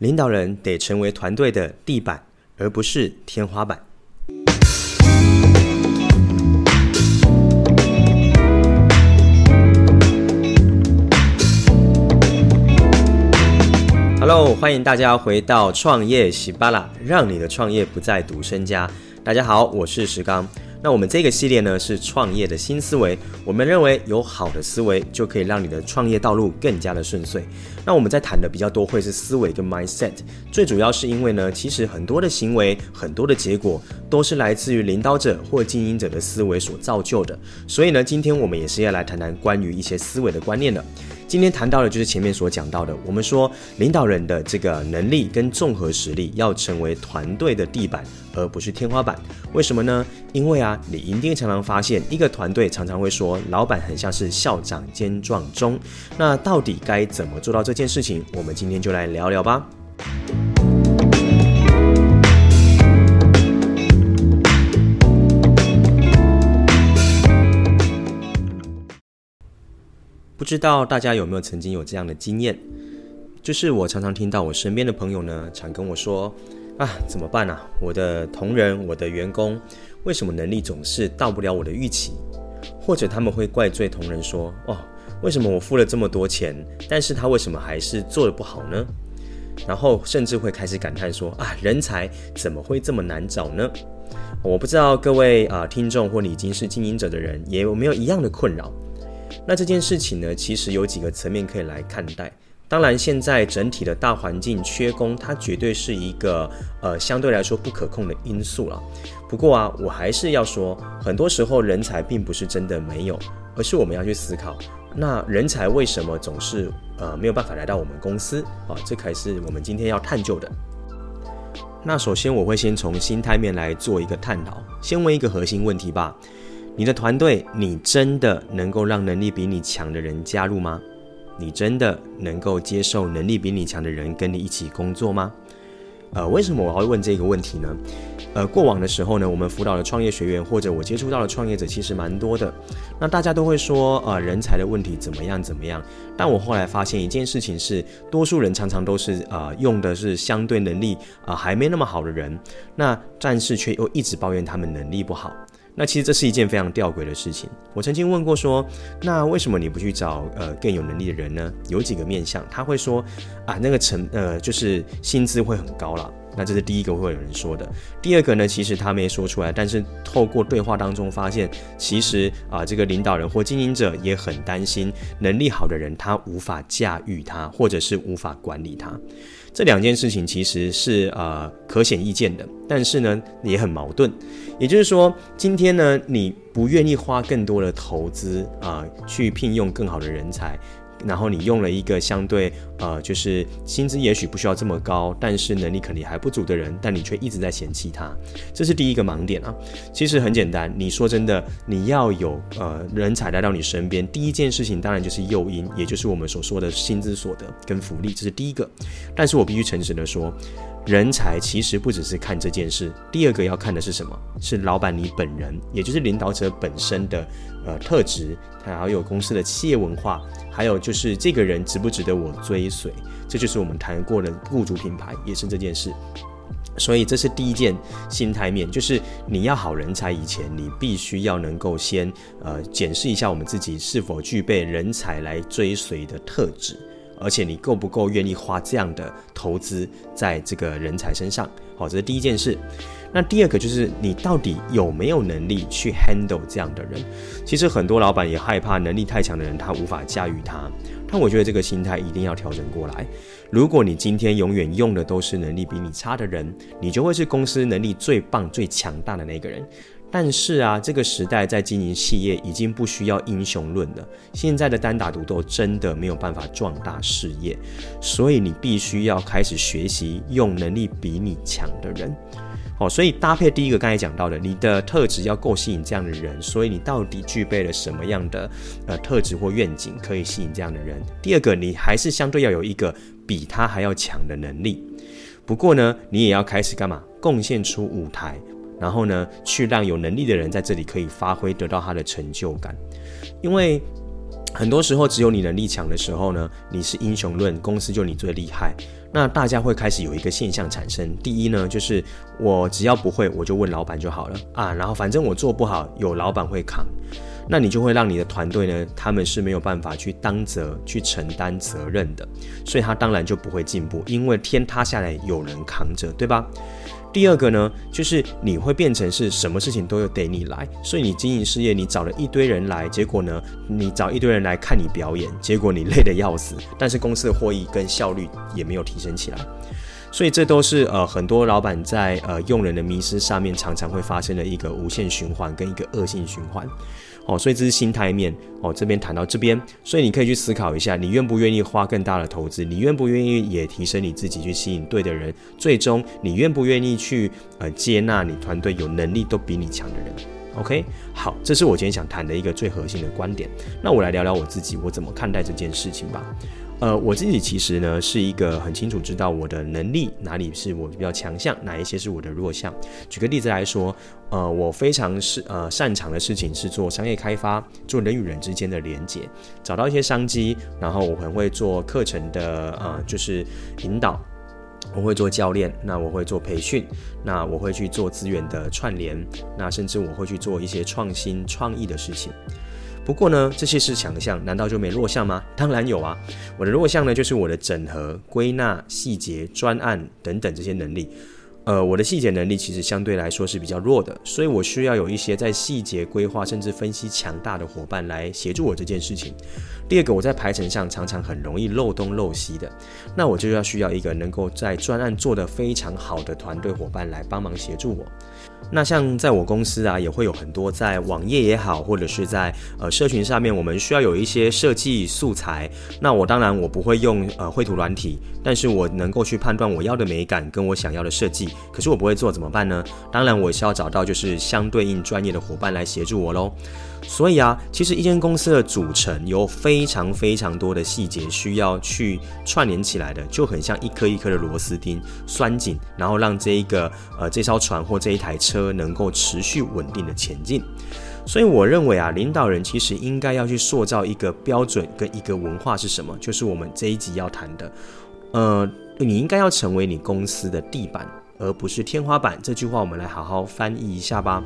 領導人得成為團隊的地板，而不是天花板。Hello，歡迎大家回到創業喜巴啦，讓你的創業不再賭身家。大家好，我是石剛。那我們這個系列呢，是創業的新思維，我們認為有好的思維就可以讓你的創業道路更加的順遂。那我們在談的比較多會是思維跟 mindset，最主要是因為呢，其實很多的行為、很多的結果都是來自於領導者或經營者的思維所造就的。所以呢，今天我們也是要來談談關於一些思維的觀念的。今天談到的，就是前面所講到的。我們說領導人的這個能力跟綜合實力，要成為團隊的地板，而不是天花板。為什麼呢？因為啊，你一定常常發現一個團隊常常會說，老板很像是校長兼撞鐘。那到底該怎麼做到這件事情？我們今天就來聊聊吧。不知道大家有沒有曾經有這樣的經驗？就是我常常聽到我身邊的朋友呢，常跟我說：“啊，怎麼辦啊？我的同仁、我的員工，為什麼能力總是到不了我的預期？”或者他們會怪罪同仁說：“哦，為什麼我付了這麼多錢，但是他為什麼還是做得不好呢？”然後甚至會開始感嘆說：“啊，人才怎麼會這麼難找呢？”我不知道各位啊，聽眾或你已經是經營者的人，也有沒有一樣的困擾？那這件事情呢，其實有幾個層面可以來看待。當然，現在整體的大環境缺工，它絕對是一個呃相對來說不可控的因素了啊。不過啊，我還是要說，很多時候人才並不是真的沒有，而是我們要去思考，那人才為什麼總是呃沒有辦法來到我們公司啊？這才是我們今天要探究的。那首先，我會先從心態面來做一個探討，先問一個核心問題吧。你的團隊，你真的能夠讓能力比你強的人加入嗎？你真的能夠接受能力比你強的人跟你一起工作嗎？呃，為什麼我會問這個問題呢？呃，過往的時候呢，我們輔導的創業學員或者我接觸到的創業者其實蠻多的。那大家都會說，呃，人才的問題怎麼樣怎麼樣？但我後來發現一件事情是，多數人常常都是呃用的是相對能力啊，呃，還沒那麼好的人，那但是卻又一直抱怨他們能力不好。那其實這是一件非常吊詭的事情。我曾經問過說，那為什麼你不去找呃更有能力的人呢？有幾個面向他會說，啊，那個成呃就是薪資會很高了。那這是第一個會有人說的。第二個呢，其實他沒說出來，但是透過對話當中發現，其實啊、呃，這個領導人或經營者也很擔心，能力好的人他無法駕馭他，或者是無法管理他。這兩件事情其實是呃可顯易見的，但是呢也很矛盾。也就是說，今天呢你不願意花更多的投資啊、呃，去聘用更好的人才。然後你用了一個相對呃，就是薪資也許不需要這麼高，但是能力肯定還不足的人，但你卻一直在嫌棄他，這是第一個盲點啊。其實很簡單，你說真的，你要有呃人才來到你身邊，第一件事情當然就是誘因，也就是我們所說的薪資所得跟福利，這是第一個。但是我必須誠實的說。人才其實不只是看這件事，第二個要看的是什麼？是老闆你本人，也就是領導者本身的呃特質，還有公司的企業文化，還有就是這個人值不值得我追隨。這就是我們談過的雇主品牌也是這件事。所以這是第一件心態面，就是你要好人才以前，你必須要能夠先呃檢視一下我們自己是否具備人才來追隨的特質。而且你夠不夠願意花這樣的投資在這個人才身上？好，這是第一件事。那第二個就是你到底有沒有能力去 handle 這樣的人？其實很多老板也害怕能力太強的人，他無法駕馭他。但我覺得這個心態一定要調整過來。如果你今天永遠用的都是能力比你差的人，你就會是公司能力最棒、最強大的那個人。但是啊，這個時代在經營企業已經不需要英雄論了。現在的單打獨鬥真的沒有辦法壯大事業，所以你必須要開始學習用能力比你強的人。好，哦，所以搭配第一個剛才講到的，你的特質要夠吸引這樣的人，所以你到底具備了什麼樣的呃特質或願景可以吸引這樣的人？第二個，你還是相對要有一個比他還要強的能力。不過呢，你也要開始幹嘛？貢獻出舞台。然後呢，去讓有能力的人在這裡可以發揮，得到他的成就感。因為很多時候，只有你能力強的時候呢，你是英雄論，公司就你最厲害。那大家會開始有一個現象產生。第一呢，就是我只要不會，我就問老闆就好了啊。然後反正我做不好，有老闆會扛。那你就會讓你的團隊呢，他們是沒有辦法去當責、去承擔責任的。所以，他當然就不會進步，因為天塌下來有人扛着，對吧？第二個呢，就是你會變成是什麼事情都要得你來，所以你經營事業，你找了一堆人來，結果呢，你找一堆人來看你表演，結果你累得要死，但是公司的獲益跟效率也沒有提升起來。所以這都是呃很多老闆在呃用人的迷思上面，常常會發生的一個無限循環跟一個惡性循環，哦，所以這是心態面哦，這邊談到這邊，所以你可以去思考一下，你願不願意花更大的投資，你願不願意也提升你自己去吸引對的人，最終你願不願意去呃接納你團隊有能力都比你強的人？OK，好，這是我今天想談的一個最核心的觀點。那我來聊聊我自己，我怎麼看待這件事情吧。呃，我自己其實呢是一個很清楚知道我的能力哪裡是我比較強項，哪一些是我的弱項。舉個例子來說，呃，我非常是呃擅長的事情是做商業開發，做人與人之間的連接，找到一些商機，然後我很會做課程的啊、呃，就是引導，我會做教練，那我會做培訓，那我會去做資源的串聯，那甚至我會去做一些創新創意的事情。不過呢，這些是強項，難道就沒弱項嗎？當然有啊，我的弱項呢，就是我的整合、歸納、細節、專案等等這些能力。呃，我的細節能力其實相對來說是比較弱的，所以我需要有一些在細節規劃甚至分析強大的夥伴來協助我這件事情。第二個，我在排程上常常很容易漏東漏西的，那我就要需要一個能夠在專案做得非常好的團隊伙伴來幫忙協助我。那像在我公司啊，也會有很多在網頁也好，或者是在呃社群上面，我們需要有一些設計素材。那我當然我不會用呃繪圖軟體，但是我能夠去判斷我要的美感跟我想要的設計，可是我不會做怎麼辦呢？當然我需要找到就是相對應專業的伙伴來協助我嘍。所以啊，其實一間公司的組成由非常非常非常多的細節需要去串聯起來的，就很像一顆一顆的螺絲釘，拴緊，然後讓這一個呃這艘船或這一台車能夠持續穩定的前進。所以我認為啊，領導人其實應該要去塑造一個標準跟一個文化是什麼，就是我們這一集要談的。呃，你應該要成為你公司的地板，而不是天花板。這句話我們來好好翻譯一下吧。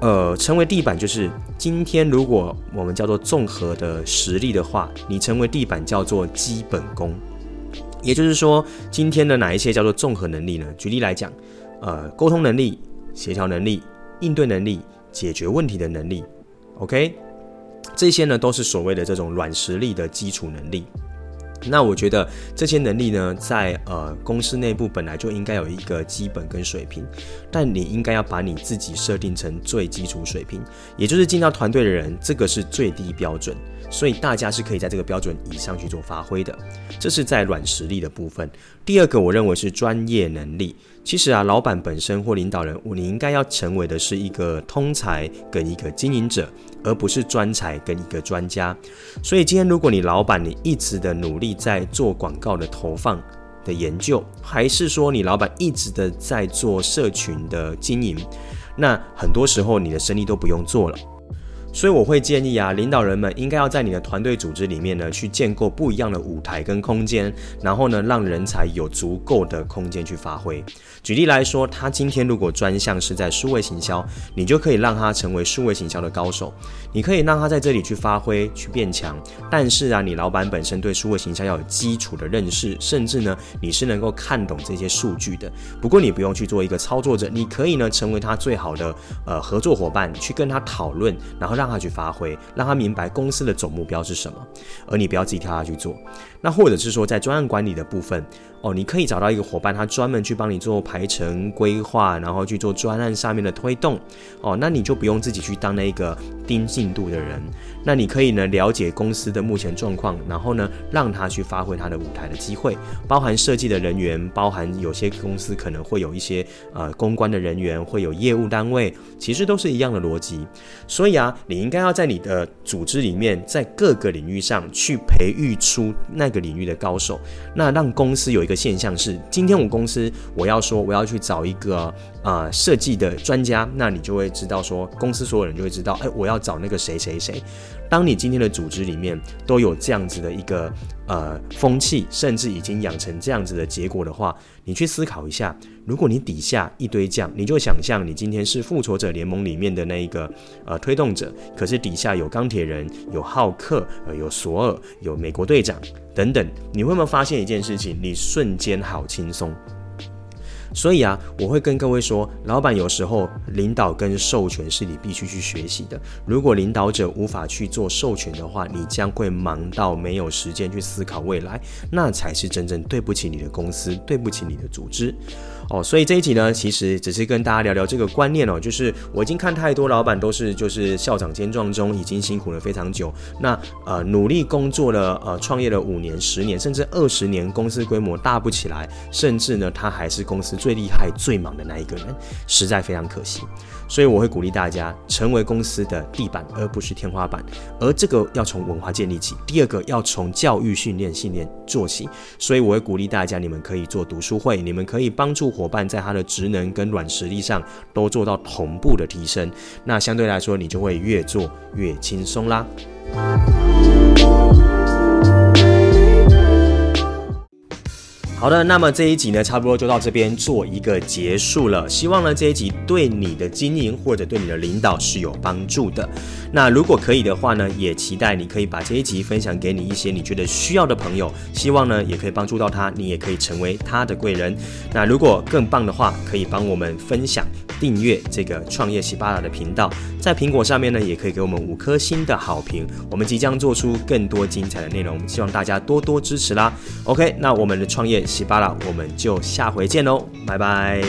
呃，成為地板就是今天如果我們叫做綜合的實力的話，你成為地板叫做基本功。也就是說，今天的哪一些叫做綜合能力呢？舉例來講，呃，溝通能力、協調能力、應對能力、解決問題的能力，OK，這些呢都是所謂的這種軟實力的基礎能力。那我覺得這些能力呢，在呃公司內部本來就應該有一個基本跟水平，但你應該要把你自己設定成最基礎水平，也就是進到團隊的人，這個是最低標準。所以大家是可以在這個標準以上去做發揮的，這是在軟實力的部分。第二個，我認為是專業能力。其實啊，老闆本身或領導人物，你應該要成為的是一個通才跟一個經營者，而不是專才跟一個專家。所以今天，如果你老闆你一直的努力在做廣告的投放的研究，還是說你老闆一直的在做社群的經營，那很多時候你的生意都不用做了。所以我會建議啊，領導人們應該要在你的團隊組織裡面呢，去建構不一樣的舞台跟空間，然後呢，讓人才有足夠的空間去發揮。舉例來說，他今天如果專項是在數位行銷，你就可以讓他成為數位行銷的高手，你可以讓他在這裡去發揮，去變強。但是啊，你老板本身對數位行銷要有基礎的認識，甚至呢，你是能夠看懂這些數據的。不過你不用去做一個操作者，你可以呢，成為他最好的，呃，合作夥伴，去跟他討論，然後。讓他去發揮，讓他明白公司的總目標是什麼，而你不要自己跳下去做。那或者是說，在專案管理的部分，哦，你可以找到一個夥伴，他專門去幫你做排程規劃，然後去做專案上面的推動。哦，那你就不用自己去當那一個盯進度的人。那你可以呢，了解公司的目前狀況，然後呢，讓他去發揮他的舞台的機會。包含設計的人員，包含有些公司可能會有一些呃公關的人員，會有業務單位，其實都是一樣的邏輯。所以啊。你應該要在你的組織裡面，在各個領域上去培育出那個領域的高手，那讓公司有一個現象是：今天我公司我要說我要去找一個啊設計的專家，那你就會知道說，公司所有人就會知道，哎、欸，我要找那個誰誰誰。當你今天的組織裡面都有這樣子的一個呃風氣，甚至已經養成這樣子的結果的話，你去思考一下，如果你底下一堆將，你就想象你今天是復仇者聯盟裡面的那一個呃推動者，可是底下有鋼鐵人、有浩克、呃有索爾、有美國隊長等等，你會不會發現一件事情，你瞬間好輕鬆。所以啊，我會跟各位說，老闆有時候領導跟授權是你必須去學習的。如果領導者無法去做授權的話，你將會忙到沒有時間去思考未來，那才是真正對不起你的公司，對不起你的組織。哦，所以這一集呢，其實只是跟大家聊聊這個觀念哦，就是我已經看太多老闆都是就是校長兼撞鐘，已經辛苦了非常久。那呃，努力工作了，呃，創業了五年、十年甚至二十年，公司規模大不起來，甚至呢，他還是公司。最厲害、最忙的那一個人，實在非常可惜。所以我會鼓勵大家成為公司的地板，而不是天花板。而這個要從文化建立起，第二個要從教育、訓練、訓練做起。所以我會鼓勵大家，你們可以做讀書會，你們可以幫助夥伴在他的職能跟軟實力上都做到同步的提升。那相對來說，你就會越做越輕鬆啦。好的，那麼這一集呢，差不多就到這邊做一個結束了。希望呢，這一集對你的經營或者對你的領導是有幫助的。那如果可以的話呢，也期待你可以把這一集分享給你一些你覺得需要的朋友。希望呢，也可以幫助到他，你也可以成為他的貴人。那如果更棒的話，可以幫我們分享訂閱這個創業西巴達的頻道。在蘋果上面呢，也可以給我們五顆星的好評。我們即將做出更多精彩的內容，希望大家多多支持啦。OK，那我們的創業十八了，我們就下回見嘍，拜拜。